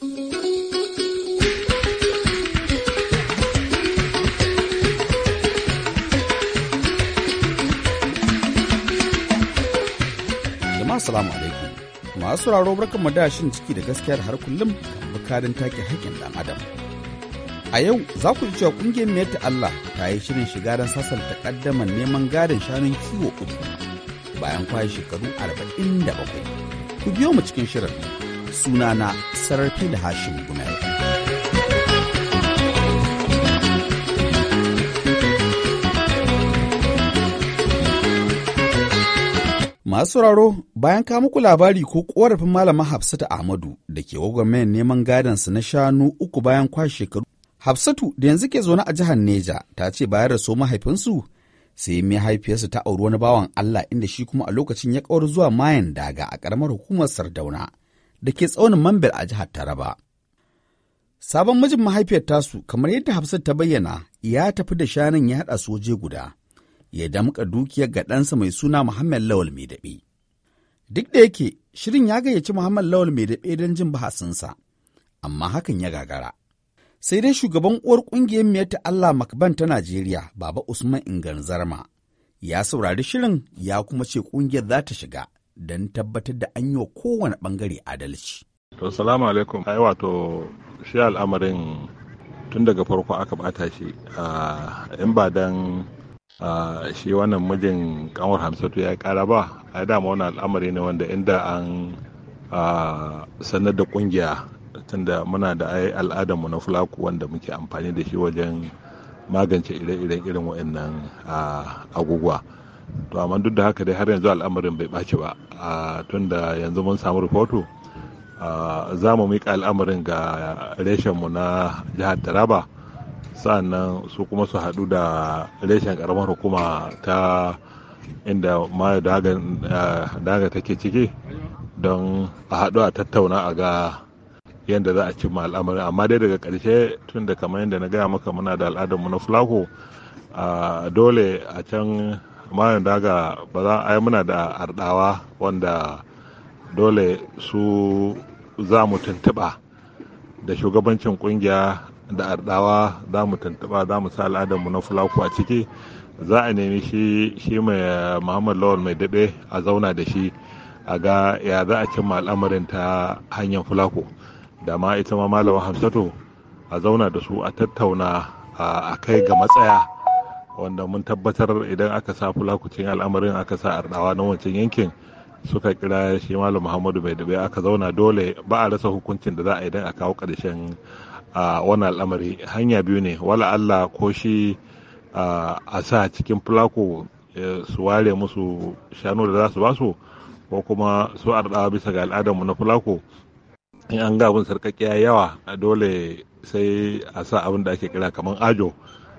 Jama'a salamu alaikum. Masu sauraro barkan mu dashin ciki da gaskiyar har kullum kan karin take haƙƙin ɗan adam. A yau za ku cewa kungiyar Meta Allah ta yi shirin shiga don sasanta ƙaddamar neman gadin shanun kiwo uku bayan kwaye shekaru arba'in da bakwai. Ku biyo mu cikin shirin sunana sararfi da hashin gumel. Masu sauraro bayan ka muku labari ko korafin malama Hafsatu Ahmadu da ke gwagwarmayar neman gadansu na shanu uku bayan kwashe shekaru. Hafsatu da yanzu ke zaune a jihar Neja ta ce bayan rasu mahaifinsu sai mahaifiyarsa ta auri wani bawan Allah inda shi kuma a lokacin ya kawar zuwa mayan daga a ƙaramar hukumar Sardauna da ke tsaunin Mambel a jihar Taraba. Sabon mijin mahaifiyar tasu kamar yadda Hafsat ta bayyana ya tafi da shanun ya haɗa su guda ya damƙa dukiyar ga ɗansa mai suna Muhammad Lawal mai daɓe. Duk da yake shirin ya gayyaci Muhammad Lawal mai daɓe don jin bahasinsa, amma hakan ya gagara. Sai dai shugaban uwar ƙungiyar miyar ta Allah Makban ta Najeriya, Baba Usman Ingan Zarma, ya saurari shirin ya kuma ce ƙungiyar za ta shiga don tabbatar da an yi wa kowane bangare adalci. To, salamu alaikum, ai wato shi al'amarin tun daga farko aka bata shi, in ba dan shi wannan mijin kanwar hamsatu ya kara ba, ai dama wani al'amari ne wanda inda an sanar da ƙungiya tunda muna da ai al'adarmu na fulaku wanda muke amfani da shi wajen magance ire-iren irin waɗannan agugwa. to amma duk da haka dai har yanzu al'amarin bai ɓaci ba tun da yanzu mun samu rahoto za mu miƙa al'amarin ga mu na jihar taraba sa'annan su kuma su haɗu da reshen ƙaramar hukuma ta inda mayo daga take ciki don a haɗu a tattauna a ga yadda za a cimma al'amarin amma dai daga ƙarshe tun da kamar yadda na gaya maka muna da al'adarmu na fulako dole a can amma yanzu daga ba za a yi muna da arɗawa wanda dole su za mu tuntuɓa da shugabancin kungiya da ardawa za mu tuntuɓa za mu sa al'adarmu na fulaku a ciki za a nemi shi shi mai muhammad lawal mai daɗe a zauna da shi a ga ya za a cimma al'amarin ta hanyar fulaku da ma ita ma malama hamsatu a zauna da su a tattauna a kai ga matsaya wanda mun tabbatar idan aka sa fulakucin al'amarin aka sa arɗawa na wancan yankin suka kira shi malam muhammadu bai dabe aka zauna dole ba a rasa hukuncin da za a idan a kawo ƙarshen wani al'amari hanya biyu ne wala allah ko shi a sa cikin fulako su ware musu shanu da za su basu ko kuma su arɗawa bisa ga al'adarmu na fulako in an ga abin sarƙaƙiya yawa dole sai a sa abin da ake kira kamar ajo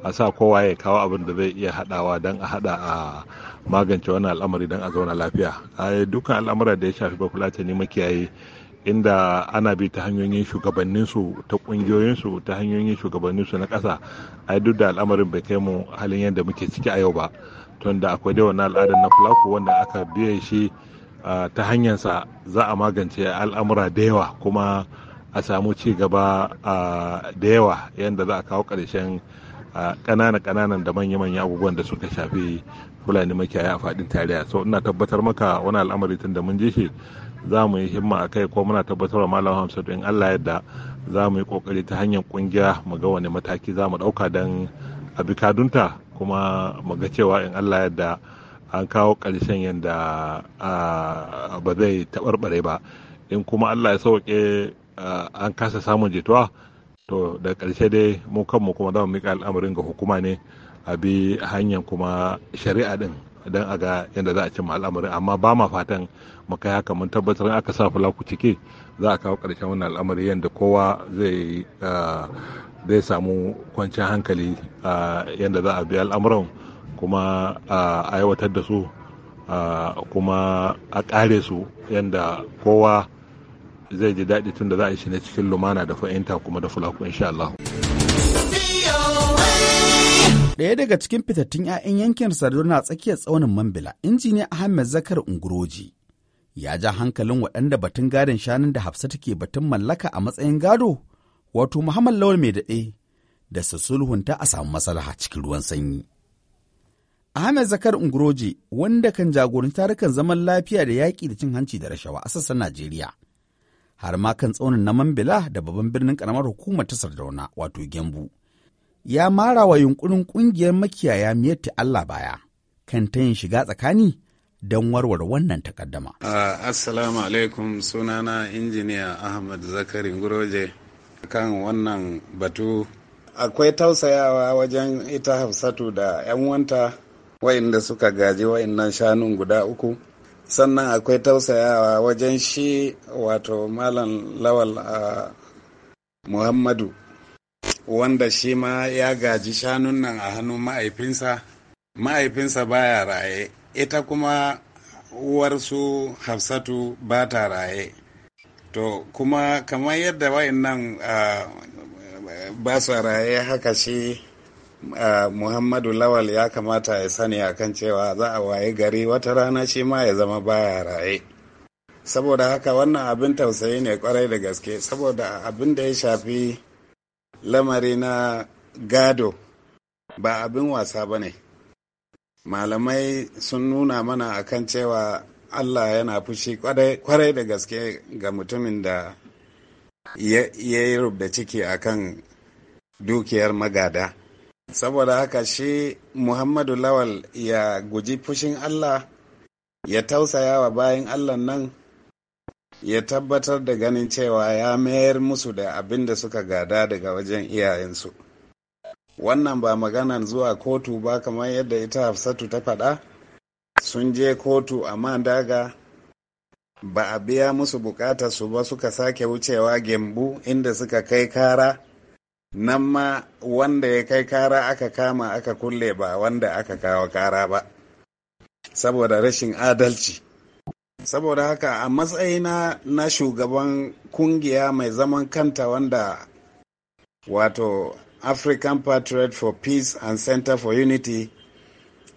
a sa kowa ya kawo abin da zai iya haɗawa don a haɗa a magance wannan al'amari don a zauna lafiya a dukkan al'amura da ya shafi bakulata ne makiyayi inda ana bi ta hanyoyin shugabanninsu ta kungiyoyinsu ta hanyoyin shugabanninsu na ƙasa a duk da al'amarin bai kai mu halin yadda muke ciki a yau ba tunda akwai da wannan al'adar na fulaku wanda aka biye shi ta hanyarsa za a magance al'amura da yawa kuma a samu ci gaba da yawa yadda za a kawo ƙarshen a kanana kananan da manya-manya abubuwan da suka shafi fulani makiyaya a fadin tarayya so ina tabbatar maka wani al'amari tun da mun je shi za mu yi himma a kai ko muna tabbatar wa malam hamsat in allah yadda za mu yi kokari ta hanyar kungiya mu ga wani mataki za mu ɗauka don a bi kadunta kuma mu ga cewa in allah yadda an kawo ƙarshen yadda ba zai taɓarɓare ba in kuma allah ya sauke an kasa samun jituwa to da ƙarshe dai mu kanmu kuma za mu mika al'amarin ga hukuma ne a bi hanyar kuma shari'a din don a ga yadda za a cimma al'amarin amma ba ma fatan mu kai haka mun tabbatar aka sa fulaku ciki za a kawo ƙarshen wannan al'amari yadda kowa zai ah, samu kwanciyar hankali ah, yadda za a bi al'amuran kuma a ah, aiwatar da su kuma a ƙare su yadda kowa zai ji daɗi tun da za a shi ne cikin lumana da fa'inta kuma da fulaku insha Allah. Ɗaya daga cikin fitattun 'ya'yan yankin na tsakiyar tsaunin Mambila, injiniya Ahmed Zakar Unguroji, ya ja hankalin waɗanda batun gadon shanun da Hafsa take batun mallaka a matsayin gado, wato Muhammad Lawal mai daɗe, da su sulhunta a samu maslaha cikin ruwan sanyi. Ahmed Zakar Unguroji, wanda kan jagoranci tarukan zaman lafiya da yaƙi da cin hanci da rashawa a sassan Najeriya, har ma kan tsaunin na Mambila da babban birnin karamar hukumar ta Sardauna wato Gembu. Ya mara wa yunkurin ƙungiyar makiyaya miyatti Allah baya kan ta yin shiga tsakani don warware wannan takaddama. Assalamu alaikum sunana injiniya Ahmad Zakari Guroje kan wannan batu. Akwai tausayawa wajen ita Hafsatu da 'yan wanta wa'inda suka gaji wa'innan shanun guda uku. sannan akwai tausayawa wajen shi wato malam lawal a muhammadu wanda shi ma ya gaji shanun nan a hannun ma'aifinsa ma'aifinsa baya raye ita kuma uwarsu hafsatu ba ta raye to kuma kamar yadda wa'in nan ba su raye haka shi muhammadu lawal ya kamata ya sani akan cewa za a waye gari wata rana shi ma ya zama baya raye saboda haka wannan abin tausayi ne kwarai da gaske saboda abin da ya shafi lamari na gado ba abin wasa ba ne malamai sun nuna mana akan cewa allah yana fushi kwarai da gaske ga mutumin da ya yi rubda ciki akan dukiyar magada saboda haka shi muhammadu lawal ya guji fushin allah ya tausaya wa bayan allah nan ya tabbatar da ganin cewa ya mayar musu da abin da suka gada daga wajen iyayensu wannan ba maganan zuwa kotu ba kamar yadda ita hafsatu ta faɗa sun je kotu amma daga ba a biya musu buƙatar su ba suka sake wucewa gembu inda suka kai kara nan ma wanda ya kai kara aka kama aka kulle ba wanda aka kawo kara ba saboda rashin adalci saboda haka a matsayina na shugaban kungiya mai zaman kanta wanda wato african patriot for peace and center for unity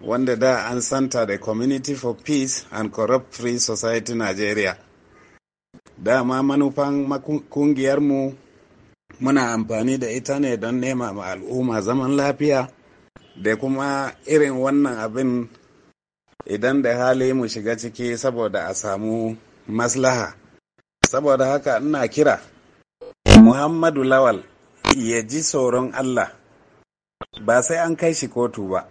wanda da an santa da community for peace and corrupt free society nigeria dama manufan kungiyarmu muna amfani da ita ne don nema ma al'umma zaman lafiya da kuma irin wannan abin idan da hali mu shiga ciki saboda a samu maslaha saboda haka ina kira muhammadu lawal ya ji tsoron allah ba sai an kai shi kotu ba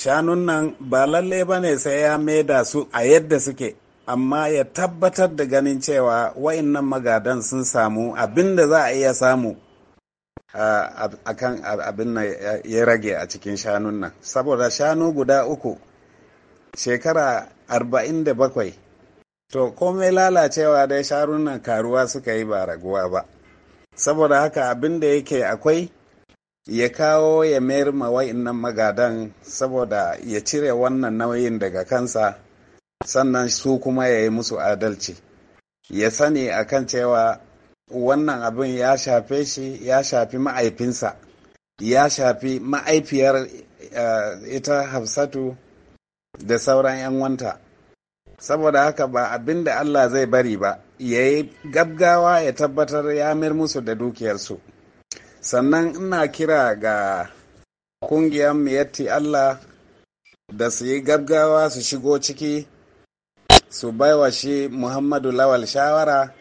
shanun nan ba lalle ba ne sai ya maida su a yadda suke amma ya tabbatar da ganin cewa wayannan magadan sun samu abin da za a iya samu a kan abin ya rage a cikin shanun nan saboda shanu guda uku shekara 47 to komai lalacewa dai shanun nan karuwa suka yi ba raguwa ba saboda haka abin da yake akwai ya kawo ya mayar ma wayannan magadan saboda ya cire wannan nauyin daga kansa sannan su kuma ya yi musu adalci ya sani a kan cewa wannan abin ya shafe shi ya shafi ma'aifinsa ya shafi ma'aifiyar eh, ita hafsatu da sauran 'yan wanta saboda haka ba abin da allah zai bari ba ya yi gabgawa ya tabbatar ya mir musu da dukiyarsu sannan ina kira ga kungiyar miyatti allah da su yi gabgawa su shigo ciki su baiwa shi muhammadu lawal shawara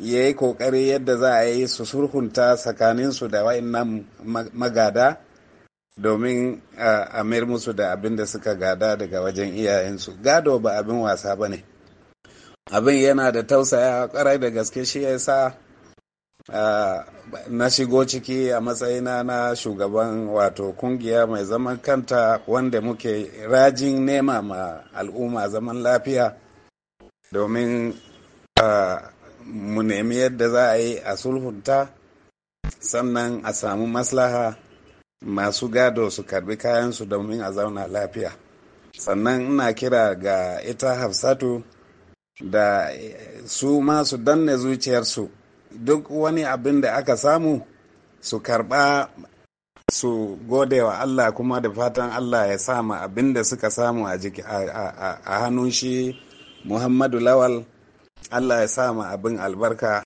ya yi kokari yadda za a yi su surhunta tsakaninsu da wa'annan magada domin a mayar musu da abin da suka gada daga wajen iyayensu gado ba abin wasa ba ne abin yana da tausaya kwarai da gaske shi ya sa Ah, na shigo ciki a matsayina na shugaban wato kungiya mai zaman kanta wanda muke rajin nema ma al'umma zaman lafiya domin ah, mu nemi yadda za a yi a sulhunta sannan a samu maslaha masu gado su karbi kayansu domin a zauna lafiya sannan ina kira ga ita hafsatu da su masu danne zuciyarsu duk wani abin da aka samu su karba su gode wa Allah kuma da fatan Allah ya samu abin da suka samu a hannun shi Muhammadu Lawal Allah ya samu abin albarka.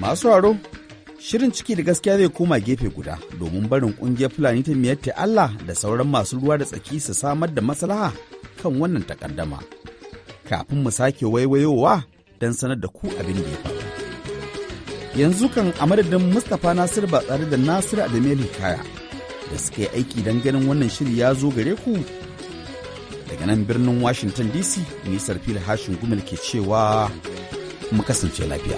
Masu aro Shirin ciki da gaskiya zai koma gefe guda domin barin kungiyar Fulani ta miyatti Allah da sauran masu ruwa da tsaki su samar da maslaha kan wannan takaddama. Kafin mu sake waiwayowa don sanar da ku abin da ya faru. Yanzu kan a madadin Mustapha Nasir ba tsare da Nasir Adameli Kaya da suka yi aiki don ganin wannan shiri ya zo gare ku daga nan birnin Washington DC nisar fili hashin gumil ke cewa mu kasance lafiya.